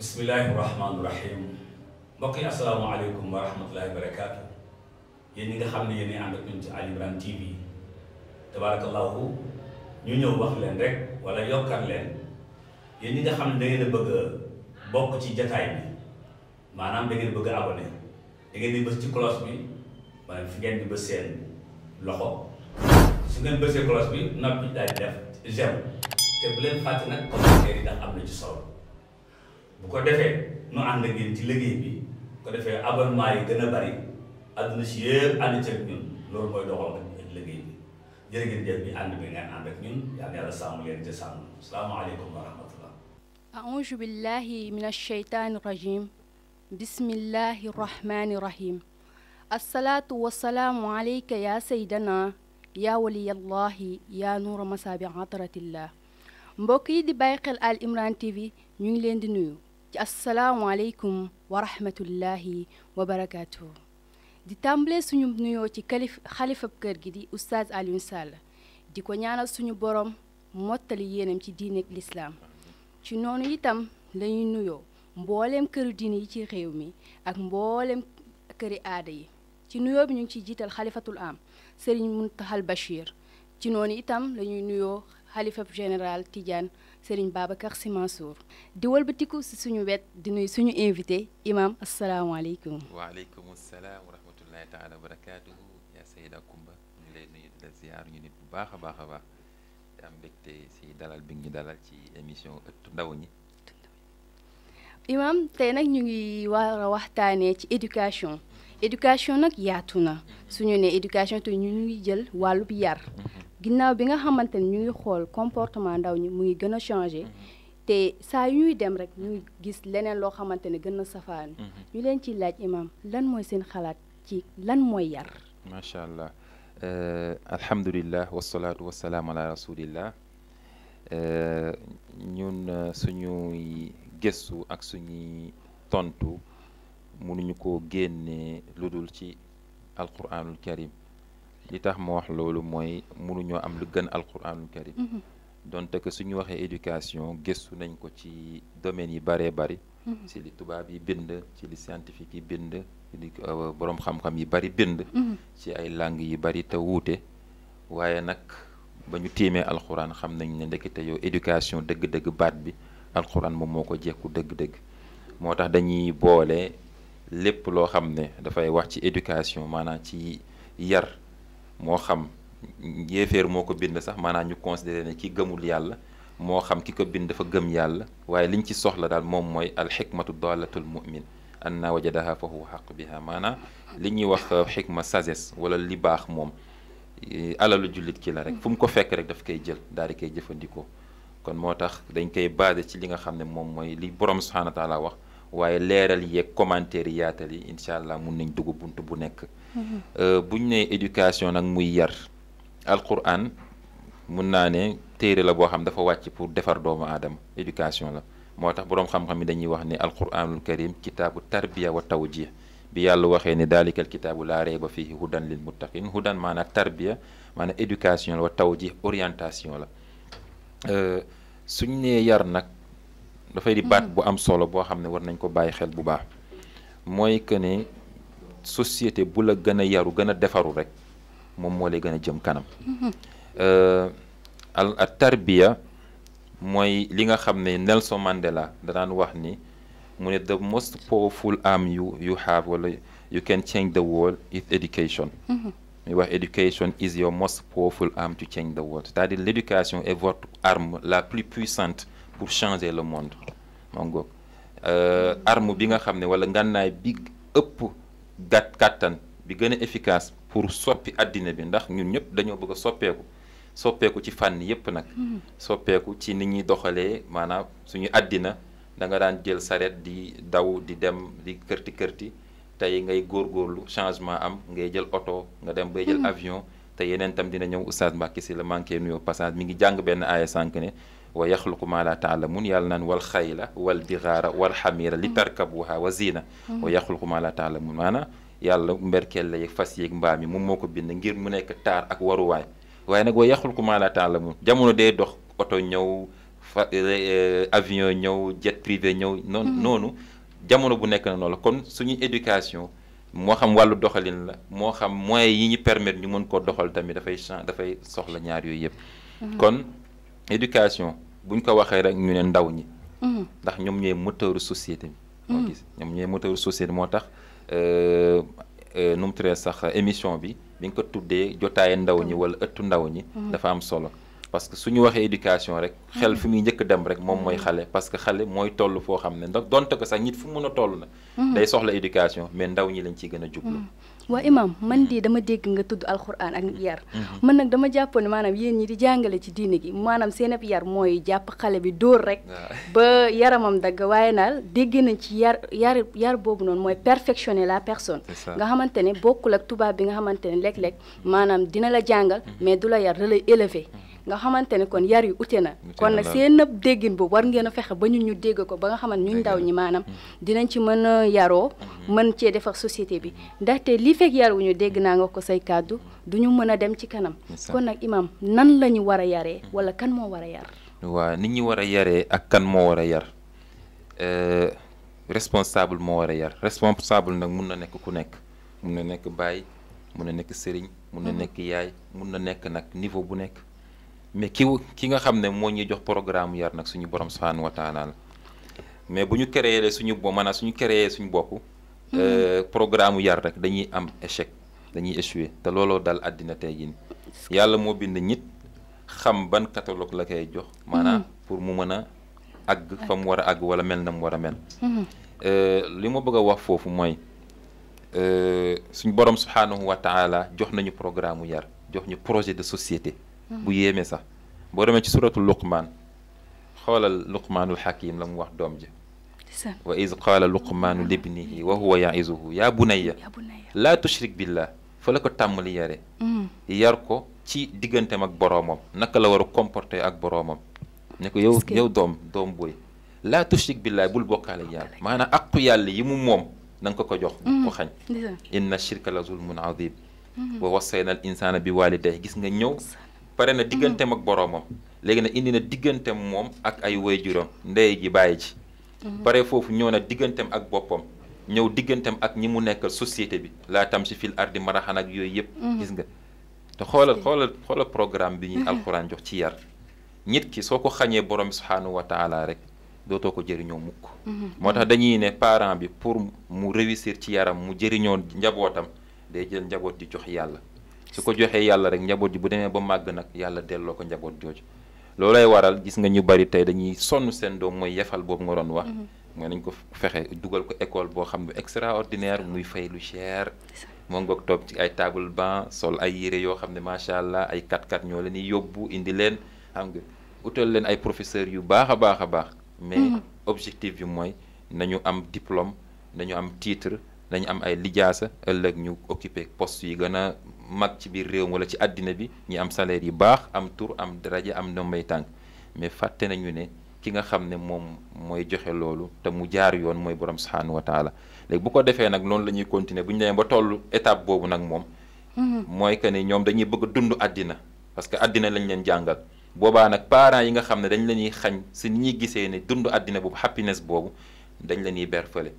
bismillahi rahmaani rahim mbokk yi asalaamaaleykum wa rahmatullahi barakaatu yéen nga xam ne yéenay ànd ak ñun TV tabarakallahu ñu ñëw wax leen rek wala yokkar leen yéen ñi nga xam ne da ngeen a ci jataay bi maanaam da ngeen bëgg a abonné da ngeen di bës ci cloche bi maanaam fi ngeen loxo su ngeen bësee cloche bi noppi di def j'aime te bu leen nag commentaire yi ndax am na ci bu ko defee nu ànd ak yéen ci liggéey bi bu ko defee abonnement yi gën a bari àdduna si yëpp ànd ceeg ñun loolu mooy doxal ak liggéey bi jërë ngeen jëf bi ànd bi ngeen ànd ak ñun yàlla yàlla sàmm leen ca sàmm salaamaaleykum wa rahmatullah aouzu billahi min alcheytaani rajim bismillahi rahmani rahim alsalaatu wassalaamu aleyka ya saydana yaa waliyallahi yaa nuura masaabi ataratillah mbokk yi di bàyyi xel Al Imran TV ñu ngi leen di nuyu ci asalaamualeykum wa rahmatullahi wa barakaatu. di tàmbale suñu nuyoo ci xalifab kër gi di oustaz Alioune di ko ñaanal suñu borom mottali yéenam ci diineeg lislaam ci noonu itam lañuy nuyoo mbooleem këru diine yi ci réew mi ak mbooleem këri aada yi ci nuyoo bi ñu ngi ciy jiital xalifatul am Serigne Mountakha Bachir ci noonu itam lañuy nuyoo xalifab général Tidiane Serigne Babacar Sy Mansour di wëlbatiku si suñu wet di nuyu suñu invité imaam imam asalaamaaleykum. waaleykum salaam wa rahmatullahi taala wa barakaatuhu yaa Seyda Kumba ñu ngi lay ziar ñu nit bu baax a baax a baax di am mbégte si dalal bi ñu dalal ci émission ëttu ndaw ñi. imam te nag ñu ngi war waxtaanee ci éducation éducation nag yaatu na suñu ne éducation te ñu ngi jël wàllub yar ginnaaw bi nga xamante ne ñu ngi xool comportement ndaw ñi mu ngi gën a changé te saa yu ñuy dem rek ñu gis leneen loo xamante ne gën a safaan mhm. ñu leen ci laaj imam lan mooy seen xalaat ci lan mooy yar macha allah eh, alhamdulilah wasalaatu wasalaam ala rasulillah eh, ñun eh, suñuy gëstu ak suñuy tontu mënuñu ko génnee lu dul ci alquranul karim li tax ma wax loolu mooy mënuñoo am lu gën alquranul karim mm-hmm. donte que suñu waxee éducation gëstu nañ ko ci domaines yi bëree bari mm-hmm. ci li tubaab yi bind ci li scientifique yi bind ci li euh, boroom xam-xam yi bari bind mm-hmm. ci ay langues yi bëri te wuute waaye nag ba ñu tiimee alxuraan xam nañ ne ndekete yow éducation dëgg-dëgg baat bi alxuraan moom moo ko jekku dëgg-dëgg moo tax dañuy boole lépp loo xam ne dafay wax ci éducation maanaa ci yar moo xam yéeféer moo ko bind sax maanaam ñu considéré ne ki gëmul yàlla moo xam ki ko bind dafa gëm yàlla waaye liñ ci soxla daal moom mooy alxikmatu dalatul mumin anna wajadaha fa huwa xaq biha maanaam li ñuy wax euh, xikma sagesse wala li baax moom euh, alalu jullit ki la rek fu mu ko fekk rek daf koy jël daal di koy jëfandikoo kon moo tax dañ koy basé ci li nga xam ne moom mooy li borom subhaanahu wa taala wax waaye leeral yeeg commentaire yi yaatal yi incha allah mun nañ dugub bunt bu nekk. Mm-hmm. Euh, buñ ne éducation nag muy yar alquran mun naa ne téere la boo xam dafa wàcc pour defar doomu aadama éducation la moo tax boroom xam-xam dañuy wax ne alquranul karim kitaabu tarbiya wa tawjih bi yàlla waxee ni ne daalikal kitaabu laa rayba fiihi hudan lil muttaqin hudan maanaam tarbiya maanaam éducation la wa tawjih orientation la. suñ nee yar nag dafay di baat mm. bu am solo boo xam ne war nañ ko bàyyi xel bu baax mooy que ne société bu la gën a yaru gën a defaru rek moom moo lay gën a jëm kanam mm-hmm. euh, al tarbiya mooy li nga xam ne Nelson Mandela da daan wax ni mu ne the most powerful arm you you have walla you can change the world is education mm-hmm. ñuy wax education is your most powerful arm to change the world c'est-à-dire l'éducation est votre arme la plus puissante pour changer le monde moo ngoog euh, arme bi nga xam ne wala ngànnaay bi ëpp gàtt kàttan bi gën a efficace pour soppi àddina bi ndax ñun ñëpp dañoo bëgg a soppeeku soppeeku ci fànn yépp nag mm-hmm. soppeeku ci ni ñuy doxalee maanaam suñu àddina da nga daan jël saret di daw di dem di kërti kërti tey ngay góorgóorlu changement am ngay jël oto nga dem bay jël hmm. avion te yeneen tam dina ñëw u Mbacké Sylla manqué nuyoo passage mi ngi jàng benn aaya sànq ne wa yaxluqu maa laa mun yàlla naan wal xayla wal dixaara wal xamiira li hmm. tarkabuha wa ziina hmm. wa yaxluqu maa laa taalamuun maanaam yàlla mberkeel la yeeg fas yeeg mbaam yi moom moo ko bind ngir mu nekk taar ak waruwaay waaye nag wa yaxluqu maa laa taalamuun jamono day dox oto ñëw fa eh, eh, avion ñëw jet privé ñëw noonu noonu jamono bu nekk na noonu la kon suñuy éducation moo xam wàllu doxalin la moo xam moyens yi ñu permettre ñu mën koo doxal tamit dafay chan dafay soxla ñaar yooyu yëpp. Mhm. kon éducation buñ ko waxee rek ñu ne ndaw ñi. Mhm. ndax ñoom ñooy moteuru société moo mhm. gis ñoom ñooy moteuru société moo tax euh, euh, nu mu turee sax émission bi bi nga ko tuddee jotaayu ndaw ñi wala ëttu ndaw ñi. dafa am solo. parce que su ñu waxee éducation rek xel mm-hmm. fi muy njëkk dem rek moom mooy mm-hmm. xale parce que xale mooy toll foo xam ne ndax donte ko sax nit fu mën a toll na mm-hmm. day mais ndaw ñi lañ ciy gën a jublu waa imam man de dama dégg nga tudd alxuraan ak yar man nag dama jàppoon ne maanaam yéen ñi di jàngale ci diine gi maanaam seen ab yar mooy jàpp xale bi dóor rek ba yaramam dagg waaye naal dégg nañ ci yar yar yar boobu noonu mooy perfectionner la personne nga xamante ne bokkul tubaab bi nga xamante ne léeg-léeg maanaam dina la jàngal mais du la yar da lay élever nga xamante ne kon yar yu ute na kon nag seen nag déggin boobu war ngeen a fexe ba ñu ñu dégg ko ba nga xamante ñu daw ñi maanaam mm-hmm. dinañ ci mën a yaroo mm-hmm. mën cee defar société bi ndaxte lii fekk yaruñu dégg naa nga ko say kàddu ñu mën a dem ci kanam kon nag imam nan lañu war a yaree mm-hmm. wala kan moo war a yar waaw nit ñi war a yaree ak kan moo war a yar euh, responsable moo war a yar responsable nag mun na nekk ku nekk mun na nekk baay mun na nekk sëriñ mun na nekk mun na nekk nag niveau bu nekk mais ki ki nga xam ne moo ñuy jox programme yar nag suñu borom subhanahu wa mais bu ñu créé suñu bo maanaam suñu créé suñu bopp. Hmm. Euh, programme yar rek dañuy am échec dañuy échoué te looloo dal àddina tey jii yàlla moo bind nit xam ban catalogue la koy jox. maanaam hmm. pour mu mën a àgg fa mu war a àgg wala mel na mu war a mel. Hmm. Euh, li ma bëgg a wax foofu mooy euh, suñu borom subhanahu wa taala jox nañu programme yar jox ñu projet de société. bu yéeme sax boo demee ci suratul luqmaan xoolal luqmaanul xakim la mu wa iz qaala luqmaanu libnihi wa huwa yaizuhu yaa bunayya laa tushrik billah fa la ko tàmmali yare mm. yar ci digganteem ak boroomam naka la war a comporter ak boroomam ne ko yow yow doom doom booy laa tushrik billaah bul bokkaale yàlla maanaam aqu yàlla yi mu moom na nga ko ko jox ko mm. xañ inna shirka la zulmun azim mm-hmm. wa wassayna al insaana bi waalidayhi gis nga ñëw pare na mm-hmm. digganteem ak boroomam léegi nag indi na digganteem moom ak ay waajuram ndey ji bàyyi ji mm-hmm. pare foofu ñëw na digganteem ak boppam ñëw digganteem ak ñi mu nekkal société bi laa tam si fil ardi maraxan ak yooyu yëpp mm-hmm. gis nga te xoolal xoolal xoolal programme bi ñuy alxuraan jox ci yar nit ki soo ko xañee borom bi subhaanahu rek dootoo ko jëriñoo mukk moo tax dañuy ne parent bi pour mu réussir ci yaram mu jëriñoo njabootam day jël njaboot di jox yàlla su ko joxee yàlla rek njaboot ji bu demee ba màgg nag yàlla delloo ko njaboot jooju loolay waral gis nga ñu bari tey dañuy sonn seen doom mooy yefal boobu nga doon wax mooy mm-hmm. nañ ko fexe dugal ko école boo xam ne ordinaire muy fay lu cher moo ngoog toog ci ay table banc sol ay yére yoo xam ne macha allah ay kat-kat ñoo leen di yóbbu indi leen xam nga utal leen ay professeurs yu baax a baax a baax mm-hmm. mais objectif bi mooy nañu am diplôme nañu am titre nañu am ay lijaasa ëllëg ñu occuper poste yi gën a mag ci biir réew mi wala ci àddina bi ñi am salaire yu baax am tur am daraja am ndombay tànk mais fàtte nañu ne ki nga xam ne moom mooy joxe loolu te mu jaar yoon mooy borom subhaanahu wa taala léegi bu ko defee nag noonu la ñuy continuer bu ñu demee ba toll étape boobu nag moom. Mm-hmm. mooy que ne ñoom dañuy bëgg dund àddina parce que àddina lañ leen jàngal. boobaa nag parent yi nga xam ne dañ la ñuy xañ si ni ñuy gisee ne dund àddina boobu happiness boobu dañ la ñuy berfale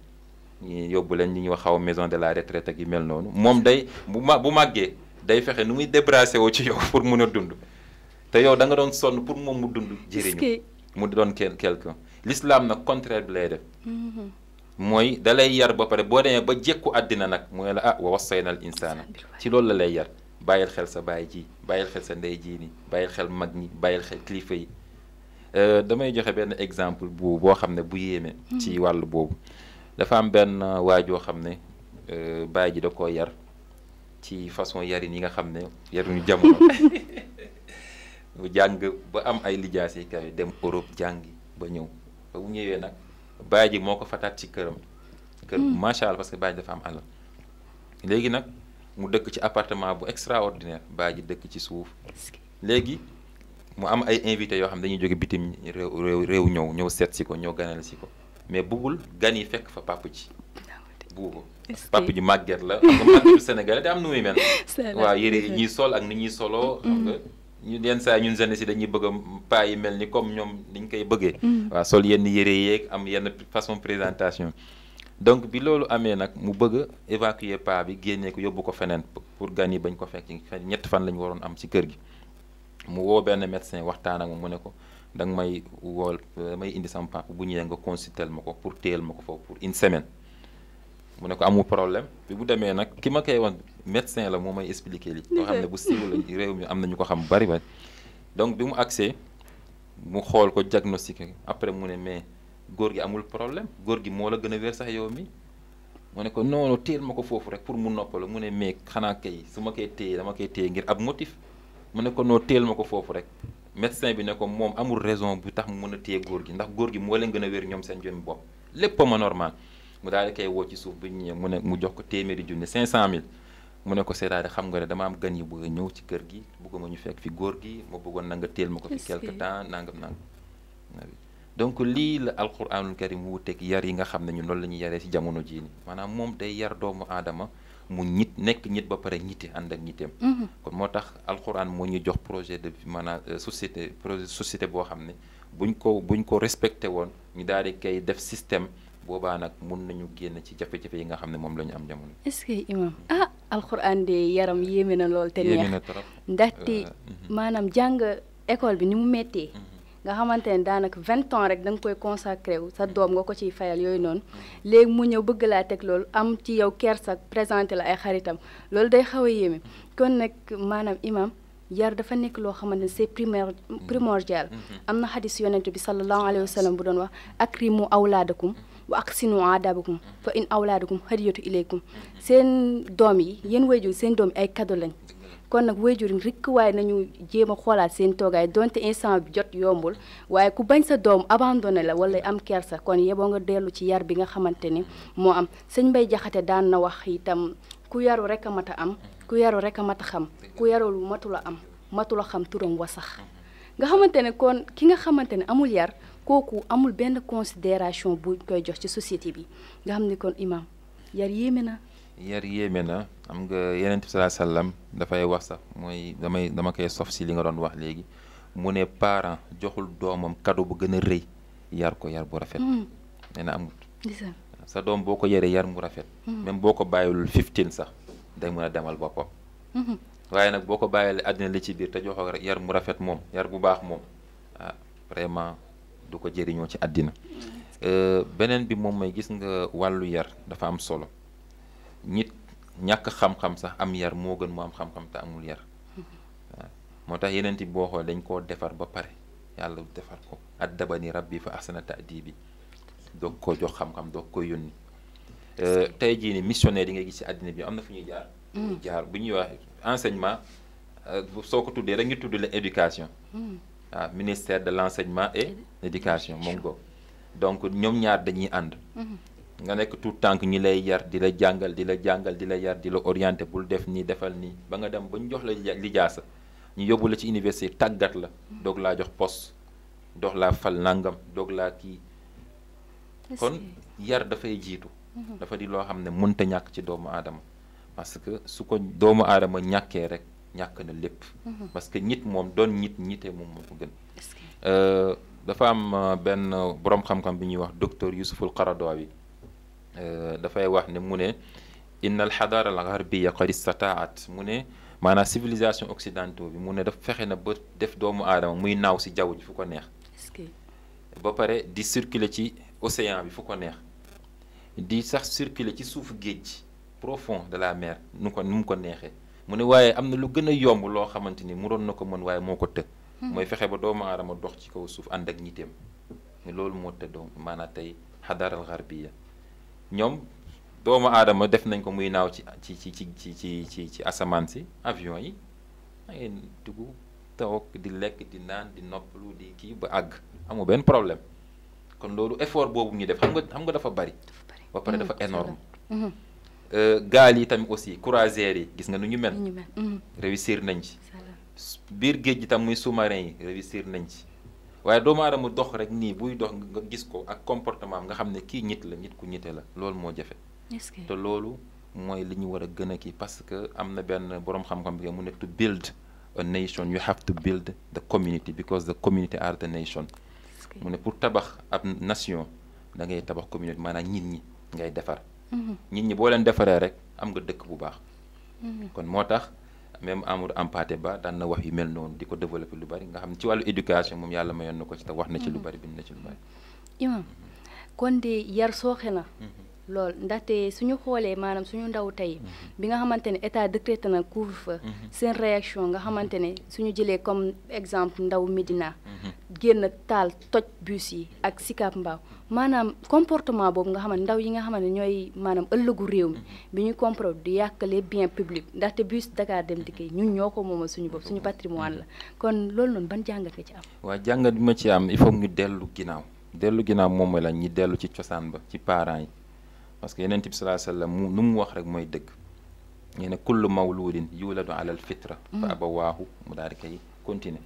ñu yóbbu leen ñi ñuy wax xaw maison de la retraite ak mel noonu moom day bu ma bu màggee day fexe nu muy débracé woo ci yow pour mun a dund te yow da nga doon sonn pour moom mu dund jëriñu mu doon quelque lislaam l'islam nag contraire bi lay def mm-hmm. mooy da yar ba pare boo demee ba jekku àddina nag mooy la ah wa wassayna al insaana ci loolu la lay yar bàyyil xel sa bàyyi ji bàyyil xel sa ndey ji ni bàyyil xel mag ni bàyyil xel kilifa yi euh, damay joxe benn exemple bu boo xam ne bu yéeme ci mm-hmm. wàll boobu dafa am benn waajoo xam ne euh, baay ji da koo yar ci façon yarin yi nga xam ne yaruñu jamono mu jàng ba am ay lijaas yi kawe dem Europe jàngi ba ñëw ba mu ñëwee nag baay ji moo ko fataat ci këram kër hmm. macha allah parce que baay dafa am alal léegi nag mu dëkk ci apartement bu extraordinaire baay ji dëkk ci suuf léegi mu am ay invité yoo xam ne dañuy jóge bitim réew réew ñëw ñëw seet si ko ñëw ganal si ko mais buggul gan yi fekk fa pàpp ci ah buggu ko papa ji màgget la xam nga màggetu sénégalais te am nu muy mel waaw yére yi ñuy sol ak ni ñuy solo ñu yenn saa ñun jeunesse si dañuy bëgg a paa yi mel ni comme ñoom dañ koy bëggee mm. waa sol yenn yére yéeg am yenn façon présentation donc bi loolu amee nag mu bëgg a évacuer paa bi génnee ko yóbbu ko feneen pour gan yi bañ ko fekk ñett fan la waroon am ci kër gi mu woo benn médecin waxtaan ak mu ne ko da may wool may indi sama papa bu ñëwee nga consulter ma ko pour téyel ma ko pour une semaine mu ne ko amul problème bi mu demee nag ki ma koy wan médecin la moo may expliquer li loo ne bu siiw la réew mi am na ko xam bari bari donc bi mu agsee mu xool ko diagnostiqué après mu ne mais góor gi amul problème góor gi moo la gën a wér sax yow mi mu ne ko noonu téel ma ko foofu rek pour mu noppalu mu ne mais xanaa kay su ma koy téye ngir ab motif mu ne ko noo téel ma ko foofu rek médecin bi ne ko moom amul raison bu tax mu mën a téye góor gi ndax góor gi moo leen gën a wér ñoom seen jëm bopp lépp ma normal mu daal di koy woo ci suuf bu ñëwee mu ne mu jox ko téeméeri junne 500000 mu ne ko seetaade xam nga ne dama am gan yu bëgg ñëw ci kër gi bëgguma ñu fekk fi góor gi ma bëggoon na teel ma ko fi quelque temps nangam nangam donc lii la alquranul karim wuuteeg yar yi nga xam ne ñun loolu la ñuy yaree ci jamono jii maanaam moom day yar doomu aadama mu ñit nekk ñit ba pare ñite ànd ak ñiteem mm-hmm. kon moo tax alquran moo ñu jox projet de maanaam euh, société projet société boo xam ne buñ ko buñ ko respecté woon ñu daal di kay def système boobaa nag mun nañu génn ci jafe-jafe yi nga xam ne moom la ñu am jamono. est-ce que imam ah alxuraan de yaram yéeme na lool. te neex ndaxte euh, mhm. maanaam jàng école bi ni mu méttee. Mhm. nga xamante ne daanaka vingt ans rek da nga koy consacré wu sa mhm. doom nga ko ciy fayal yooyu noonu léegi mu ñëw bëgg laa teg loolu am ci yow kersa présenté la ay xaritam loolu day xaw a yéeme kon nag maanaam imam yar dafa nekk loo xamante ne c'est primaire primordial am na xadis yonent bi sallallahu alayhi wa bu doon wax akrimu awlaadakum wa aksinu aadabakum fa in awlaadukum hadiyatu ilaykum seen doom yi yéen wayjur seen doom ay cadeau kon nag wayjur rikk waaye nañu jéem a xoolaat seen toogaay donte instant bi jot yombul waaye ku bañ sa doom abandonné la wala am kersa kon yeboo nga dellu ci yar bi nga xamante ni moo am sëñ Mbay Jaxate daan na wax itam ku yaru rek a mat a am ku yaru rek a mat a xam ku yarul matula am matula xam turam wa sax nga xamante ne kon ki nga xamante ne amul yar kooku amul benn considération bu koy jox ci société bi nga xam ne kon imam yar yéeme na yar yéeme na am nga yeneen sallallahu alayhi dafay wax sax mooy damay dama koy sof si li nga doon wax léegi mu ne parent joxul doomam kaddu bu gën a rëy yar ko yar bu rafet hmm. nee na sa doom boo ko yaree yar mu rafet hmm. même boo ko bàyyilul fifteen sax day mën a demal boppam hmm. waaye nag boo ko bàyyilee àddina li ci biir te joxoo yar mu rafet moom yar bu baax moom ah du ko jëriñoo ci àddina euh, beneen bi moom may gis nga wàllu yar dafa am solo nit ñàkk xam-xam sax am yar moo gën mu am xam-xam te amul yar waaw moo tax yeneen ti boo xoolee dañ koo defar ba pare yàlla defar ko addabani rabbi fa ahsana bi doog ko jox xam-xam doog ko yónni euh, tey jii ni missionnaire yi ngay gis ci àddina bi am na fu ñuy jaar mm. jaar bu ñuy wax enseignement euh, soo ko tuddee rek ñu tudd la éducation mm. ah ministère de l' enseignement et l'éducation moom ko donc ñoom ñaar dañuy ànd mm-hmm. nga nekk tout tànk ñu lay yar di la jàngal di la jàngal di la yar di la orienté bul def nii defal nii ba nga dem ba ñu jox la lijaasa ñu yóbbu la ci université tàggat la mm-hmm. doog laa jox post dox laa fal nangam doog laa kii kon yar dafay jiitu mm-hmm. dafa di loo xam ne mënta ñàkk ci doomu aadama parce que su ko doomu aadama ñàkkee rek ñàkk na lépp. Mhm. parce que ñit moom doon ñit ñite moom moo ko gën. Euh, dafa am euh, benn borom xam-xam bi ñuy wax docteur Yusuful Qaradawi euh, dafay wax ne mu ne innal xadaara al garbiya qad istataat mu ne maanaam civilisation occidentale bi mu ne dafa fexe na ba def doomu aadama muy naaw si jaww ji fu ko neex. ba pare di circuler ci océan bi fu ko neex di sax circuler ci suufu géej profond de la mer nu ko nu mu ko neexee. mu ne waaye am na lu gën a yomb loo xamante ni mënoon na ko mën waaye moo ko të hmm. mooy fexe ba doomu aadama dox ci kaw suuf ànd ak ñitéem ne loolu moo të doom maanaam tey xadaral xarbiya ñoom doomu aadama def nañ ko muy naaw ci ci ci ci ci ci ci asamaan si avion yi da ngay dugg di lekk di naan di noppalu di kii ba àgg amu benn problème kon loolu effort boobu ñu def xam nga xam nga dafa bari ba hmm. dafa énorme hmm. Euh, gaal yi tamit aussi croisières yi gis nga nu ñu mel. Mhm. réussir nañ ci. biir géej gi tam muy sous yi réussir nañ ci. waaye doomu aadama dox rek nii buy dox nga gis ko ak comportement am nga xam ne kii nit la nit ku ñite la loolu moo jafe. te loolu mooy li ñu war a gën a kii parce que am na benn boroom xam-xam bi mu ne to build a nation you have to build the community because the community are the nation. mu ne pour tabax ab nation da ngay tabax community maanaam nit ñi ngay defar. Mm-hmm. nit ñi boo leen defaree rek am nga dëkk bu baax. Mm-hmm. kon moo tax même Amadou Hampâté Bâ daan na wax yi mel noonu di ko développer lu bari nga xam ci wàllu éducation moom yàlla mayoon na ko ci te wax na ci lu mm-hmm. bari bind na ci lu bari. kon de yar sooxe na. lool ndaxte suñu xoolee maanaam suñu ndaw tey mhm. bi nga xamante ne état décrété na couvre-feu mhm. seen réaction nga xamante ne suñu jëlee comme exemple ndaw Médina mhm. génn taal toj bus yi ak Sicap Mbao maanaam comportement boobu nga xam ndaw yi nga xaman ne ñooy maanaam ëllëgu réew mi bi ñu comprendre du yàq bien biens ndaxte bus Dakar Dem Dikk yi ñun ñoo ko moom suñu bopp suñu patrimoine la kon loolu noonu ban jàngat nga ci am. waa jàngat ma ci am il ñu dellu ginnaaw dellu ginnaaw moom la ñi dellu ci cosaan ba ci parents yi. parce que yeneen bi salaa sallam mu lu mu wax rek mooy dëgg nee na kullu mawludin yuladu alal fitra fa mm-hmm. abawaahu mu daal di koy continuer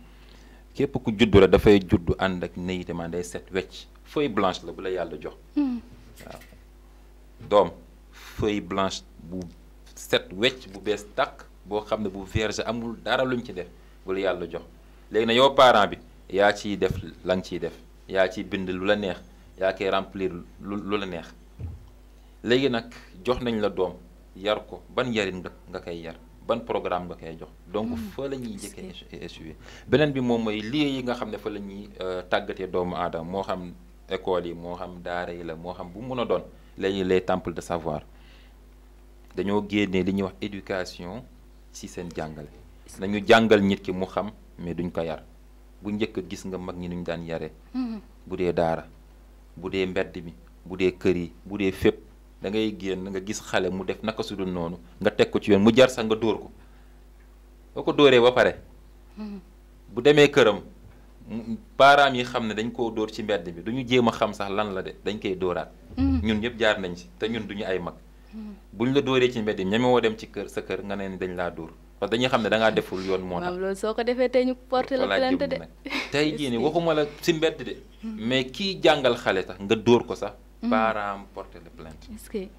képp ku juddu la dafay juddu ànd ak néyitamaa day set wecc feuille blanche la bu la yàlla jox mm-hmm. waaw doom feuille blanche bu set wecc bu bees tàkk boo xam ne bu vierge amul dara luñ ci def bu la yàlla jox léegi na yow parent bi yaa ciy def la nga ciy def yaa ciy bind lu la neex yaa koy remplir lu la neex léegi nag jox nañ la doom yar ko ban yarin nga nga koy yar ban programme nga koy jox donc hmm. fa la ñuy njëkkee suivi beneen bi moom mooy lieu yi nga xam ne fa la ñuy euh, tàggatee doomu aadama moo xam école yi moo xam daara yi la moo xam bu mun a doon léegi les temple de savoir dañoo génnee li ñuy wax éducation ci seen jàngale nañu jàngal nit ki mu xam mais duñ ko yar bu njëkk gis nga mag ñi nuñ daan yare hmm. bu dee daara bu dee mbedd mi bu dee kër yi bu dee fépp da ngay génn nga gis xale mu def naka su dul noonu nga teg ko ci yoon mu jar sax nga dóor ko boo ko dóoree ba pare bu demee këram parents yi xam ne dañ koo dóor ci mbedd bi du jéem a xam sax lan la de dañ koy dóoraat ñun ñëpp jaar nañ ci te ñun duñu ay mag buñ la dóoree ci mbedd bi ñeme woo dem ci kër sa kër nga dañ laa dóor dañuy xam ne dangaa deful yoon moo tax loolu soo ko defee tey ñu porté la plainte de tey jii ni waxuma la ci mbedd de mais kii jàngal xale sax nga dóor ko sax parent mm-hmm. am porté le plainte. est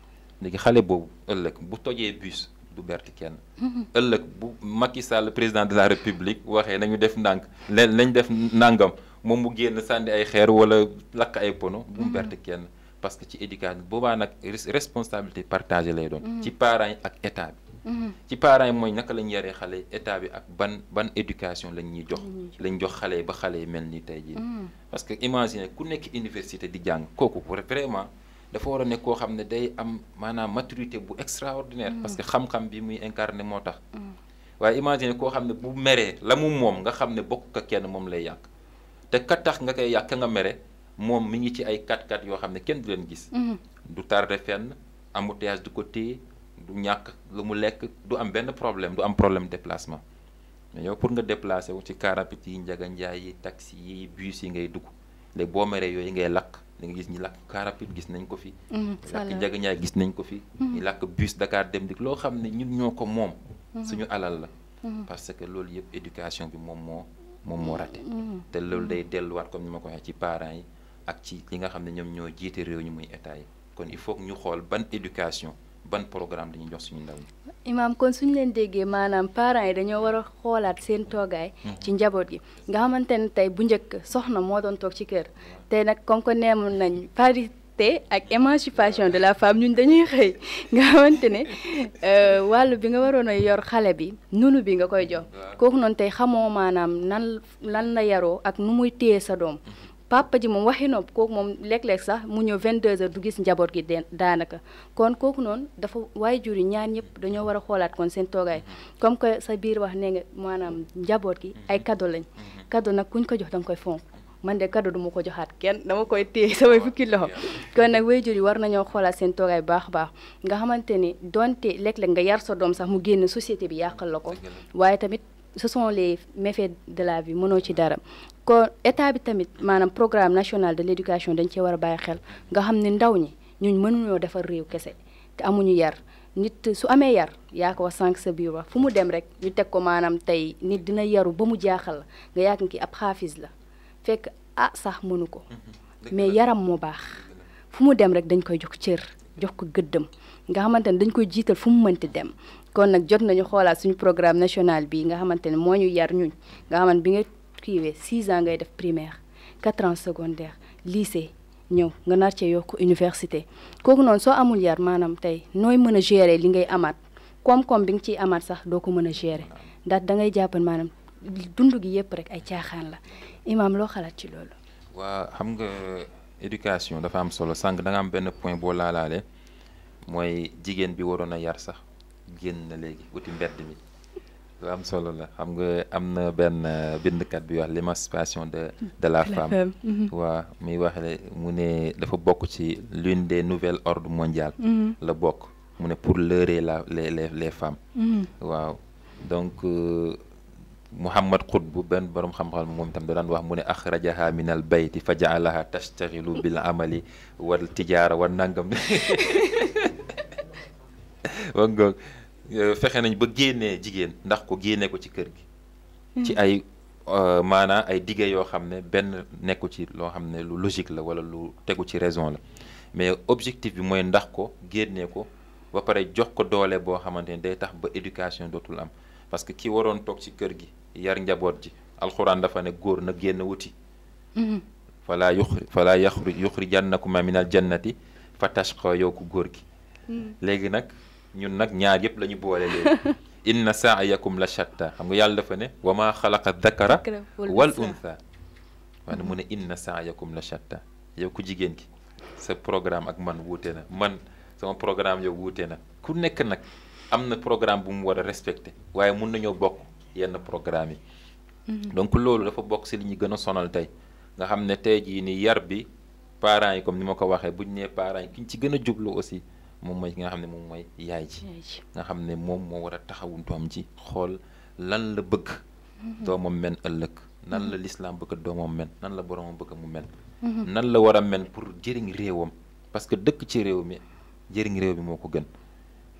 léegi xale boobu ëllëg bu tojee bus du berti kenn. Mm-hmm. ëllëg bu Macky Sall président de la république waxee nañu def ndànk leen lañ def ndàngam moom mu génn sànni ay xeer wala lakk ay pono. bu mu mm-hmm. berti kenn parce que ci éducation boobaa nag responsabilité partagée lay doon. ci parent yi ak état bi. ci parent yi mooy naka lañ yaree xale état bi ak ban ban éducation lañ ñuy jox. lañ jox xale yi ba xale yi mel ni tey jii. Mm. parce que imagine ku nekk université di jàng kooku vraiment dafa war a nekk koo xam ne day am maanaam maturité bu extraordinaire. Mm. parce que xam-xam bi muy incarné moo tax. Mm. waaye imagine koo xam ne bu meree la mu moom nga xam ne bokk ka kenn moom lay yàq te ka tax nga koy yàq nga mere moom mi ngi ci ay kat kat yoo xam ne kenn du leen gis. Mm-hmm. du tardé fenn embouteillage du ko du ñàkk lu mu lekk du am benn problème du am problème déplacement mais yow pour nga déplacé wu ci car rapide yi njaga njaay yi taxi yi bus yi ngay dugg léegi boo meree yooyu ngay lakk da nga gis ñi lakk car gis nañ ko fi. Mm-hmm, lakk njaga njaay gis nañ ko fi. Mm-hmm. ñi lakk bus Dakar dem dik loo xam ne ñun ñoo ko moom. Mm-hmm. suñu alal la. parce que loolu yëpp éducation bi moom moo moom moo raté. te loolu day delluwaat comme ni ma ko waxee ci parent yi ak ci li nga xam ne ñoom ñoo jiite réew ñu muy état yi kon il faut que ñu xool ban éducation. ban programme la ñuy jox suñu ndaw yi imaam kon suñu leen déggee maanaam parents yi dañoo war xoolaat seen toogaay mhm. ci njaboot gi nga xamante ne tey bu njëkk soxna moo doon toog ci kër tey nag comme que neemu nañ parité ak émancipation de la femme ñun dañuy xëy nga xamante ne euh, wàllu bi nga waroon a yor xale bi nunu bi nga koy jox kooku noonu tey xamoo maanaam nan lan la yaroo ak nu muy téye sa doom mhm. papa ji moom waxi nopp kooku moom léeg-léeg sax mu ñëw 22h du gis njaboot gi daanaka kon kooku noonu dafa waaye jur yi ñaan ñëpp dañoo war a xoolaat kon seen toogaay comme que sa biir wax ne nga maanaam njaboot gi ay cadeau lañ mhm. cadeau nag kuñ ko jox danga koy fonk man de cadeau duma ko joxaat kenn dama koy téye samay fukki loxo kon nag jur yi war nañoo xoolaat seen toogaay baax baax nga xamante ni donte léeg-léeg nga yar sa doom sax mu génn société bi yàqal la ko waaye tamit ce sont les méfaits de mënoo ci dara kon état bi tamit maanaam programme national de l' éducation dañ cee war a bàyyi xel nga xam ne ndaw ñi ñun mënuñoo defar réew kese te amuñu yar nit su amee yar yaa ko sànq sa biir wax fu mu dem rek ñu teg ko maanaam tey nit dina yaru ba mu jaaxal la nga yàgg ab xaafis la fekk ah sax mënu ko mhm. mais yaram moo baax fu mu dem rek dañ koy jox cër jox ko gëddëm nga xamante ne dañ koy jiital fu mu mënti dem kon nag jot nañu xoolaat suñu programme national bi nga xamante ne moo ñu yar ñuñ nga xamante bi nga privé 6 ans ngay def primaire 4 ans secondaire lycée ñëw nga nar cee yokk université kooku noonu soo amul yar maanaam tey nooy mën a gérer li ngay amaat koom-koom bi nga ciy amaat sax doo ko mën a gérer ndax dangay jàppan maanaam dund gi yëpp rek ay caaxaan la imaam loo xalaat ci loolu. waa xam nga éducation dafa am solo sànq danga am benn point boo laalaale mooy jigéen bi waroon a yar sax génn na léegi uti mbedd mi. lu am solo la xam nga am na benn euh, bindkat bi wax l'émancipation de de la femme mhm. waa muy waxee mu ne dafa bokk ci l'une des nouvelles ordres mondial mhm. la bokk mu ne pour leurrer la les les les femmes mhm. waaw donc euh, Muhammad bu benn borom xam-xam moom itam da daan wax mu ne axrajaha min al bayti fa jaalaha tastaxilu bil amali wal tijaara wal nangam wag Euh, fexe nañ ba génnee jigéen ndax ko génne ko ci kër gi hmm. ci ay euh, maanaa ay dige yoo xam ne benn nekku ci loo xam ne lu logique la wala lu tegu ci raison la mais objectif bi mooy ndax ko génne ko ba pare jox ko doole boo xamante ni day tax ba éducation dootul am parce que ki waroon toog ci kër gi yar njaboot ji alxuraan dafa ne góor na génn wuti hmm. falaa yuxri falaa yaxru yuxrijannakuma minal jannati fatashqa yow ku góor gi hmm. léegi nag ñun nag ñaar yëpp la ñu boole léegi inna saayakum la shatta xam nga yàlla fa ne wa maa xalaqa dakara wal untha ne mm-hmm. mu ne inna saayakum la shatta yow ku jigéen ki sa programme ak man wuute na man sama programme yow wuute na ku nekk nag am na programme bu mu war a respecté waaye mun nañoo bokk yenn programme yi mm-hmm. donc loolu dafa bokk si li ñu gën a sonal tey nga xam ne tey jii ni yar bi parents yi comme ni ma ko waxee buñ nee parent yi ki ñu ci gën a jublu aussi moom mooy ki nga xam ne moom mooy yaay ji nga xam ne moom moo war a taxawu doom ji xool lan la bëgg mhm. doomam men ëllëg mhm. nan la lislaam bëgg doomam men nan la boromam bëgg mu men mhm. nan la war a men pour jëriñ réewam parce que dëkk ci réew mi jëriñ réew mi moo ko gën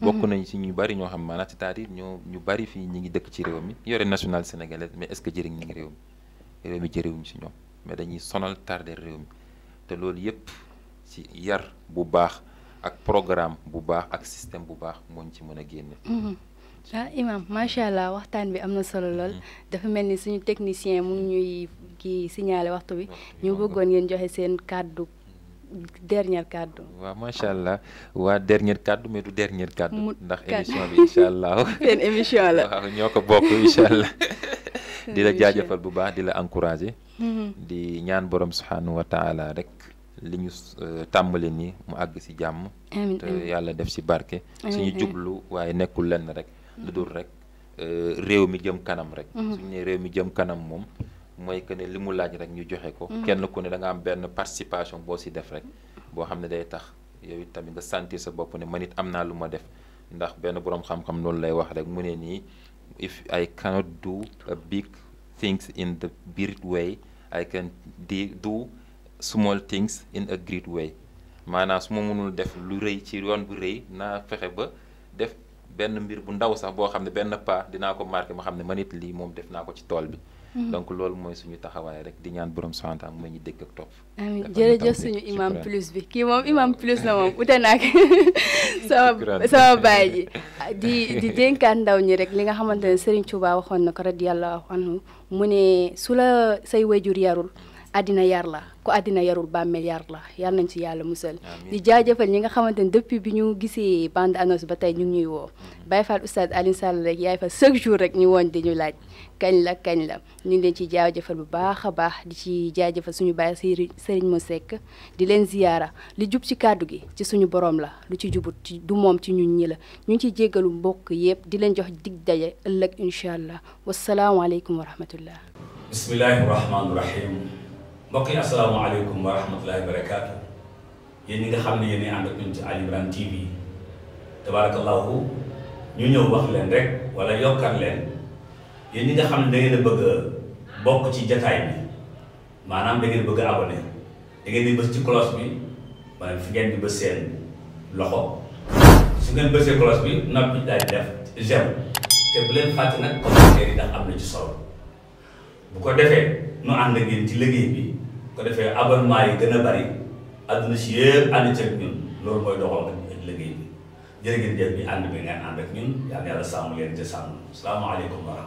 bokk nañ ci ñu bari ñoo xam maanaam cest à ñoo ñu bari fii ñu ngi dëkk ci réew mi yore national sénégalais mais est-ce que jëriñ ñi ngi réew mi réew mi jëriwuñ ci ñoom mais dañuy sonal tardé réew mi te loolu yépp ci yar bu baax ak programme bu baax ak système bu baax mooñ ci mën a génne mhm. ah imam macha allah waxtaan bi am na solo lool mhm. dafa mel ni suñu technicien mu ñuy kii signaler waxtu bi ñu bëggoon ngeen joxe seen kàddu dernier kàddu waa macha allah waa dernier kàddu mais du dernier kàddu ndax émission bi incha allah seen émission la ñoo ko bokk incha allah di la jaajëfal bu baax di encourager mhm. di ñaan borom subhanahu wa rek li ñu euh, tàmbali nii mu àgg si jàmm te yàlla def si barke suñu jublu waaye nekkul lenn rek lu dul rek euh, réew mi jëm kanam rek mhm. suñu ne réew mi jëm kanam moom mooy que ne li mu laaj rek ñu joxe ko mhm. kenn ku ne da nga am benn participation boo si def rek boo xam ne day tax yow tamit nga sentir sa bopp ne man it am naa lu ma def ndax benn boroom xam-xam loolu lay wax rek mu ne nii if I cannot do a big things in the big way I can do small things in a great way maanaam su ma mënul def lu rëy ci yoon bu rëy naa fexe ba def benn mbir bu ndaw sax boo xam ne benn pas dinaa ko marqué ma xam ne ma it lii moom def naa ko ci tool bi. Mm-hmm. donc loolu mooy suñu taxawaay rek di ñaan borom subhanahu wa mooy ñu dégg ak topp. amiin jërëjëf suñu imam plus bi kii moom imam plus na moom ute naag sama sama baay ji di di dénkaat ndaw ñi rek li nga xamante ne Serigne Touba waxoon na ko radiyallahu anhu mu ne su la say wajur yarul. àddina yar la ko àddina yarul bàmmeel yar la yal nañ ci yàlla musal di jaajëfal ñi nga xamante ne depuis bi ñu gisee bande annonce ba tey ñu ngi ñuy woo Baye Fall oustaz Alioune Sall rek yaay fa chaque jour rek ñu woon di laaj kañ kañ la ñu ngi leen ci jaajëfal bu baax a baax di ci jaajëfal suñu baay Serigne Mo sekk di leen ziyaara li jub ci kàddu gi ci suñu borom la lu ci jubut ci du moom ci ñun ñi la ñu ngi ciy jéggalu mbokk yëpp di leen jox digg daje ëllëg incha allah wasalaamualeykum wa rahmatullah bismillahi rahmaani mbokk yi asalaamaaleykum wa rahmatullahi wa barakaatu yéen ñi nga xam ne yéen ànd ak ñun TV tabarakallahu ñu ñëw wax leen rek wala yokkar leen ñi nga xam ne da bëgg bokk ci jataay bi maanaam da ngeen bëgg a abonné da ci cloche bi maanaam fi ngeen di bës seen loxo su ngeen bi noppi daal di def j'aime te bu leen fàtte nag commentaire yi ndax am na ci solo bu ko defe nu ànd ngeen ci liggéey bi ko defee abonnement yi gën a bari àdduna si yëpp ànd ceeg ñun loolu mooy doxal ak liggéey bi jërë ngeen jëf bi ànd bi ngeen ànd ak ñun yàlla yàlla sàmm leen te sàmm salaamaaleykum wa rahmatulah